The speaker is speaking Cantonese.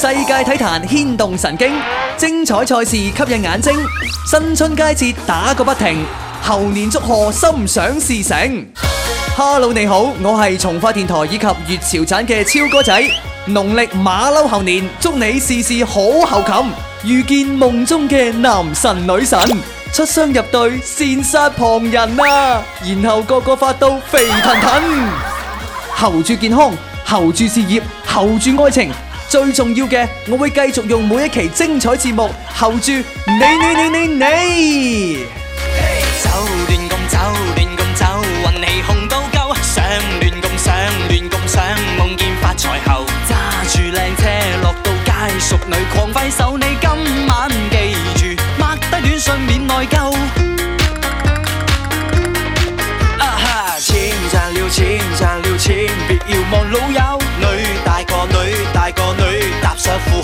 世界體壇牽動神經，精彩賽事吸引眼睛。新春佳節打個不停，猴年祝賀心想事成。Hello，你好，我係從化電台以及粵潮盞嘅釗哥仔。農曆馬騮猴年，祝你事事好猴擒，遇見夢中嘅男神女神，出雙入對，羨煞旁人啊！然後個個發到肥騰騰，猴住健康，猴住事業，猴住愛情。最重要嘅，我會繼續用每一期精彩節目猴住你你你你你。走亂咁走，亂咁走，運氣紅到夠。想亂咁想，亂咁想，夢見發財後。揸住靚車落到街，熟女狂揮手，你今晚記住，抹得短順便內疚。啊哈、uh，錢、huh，賺了錢賺了錢，別要望老友。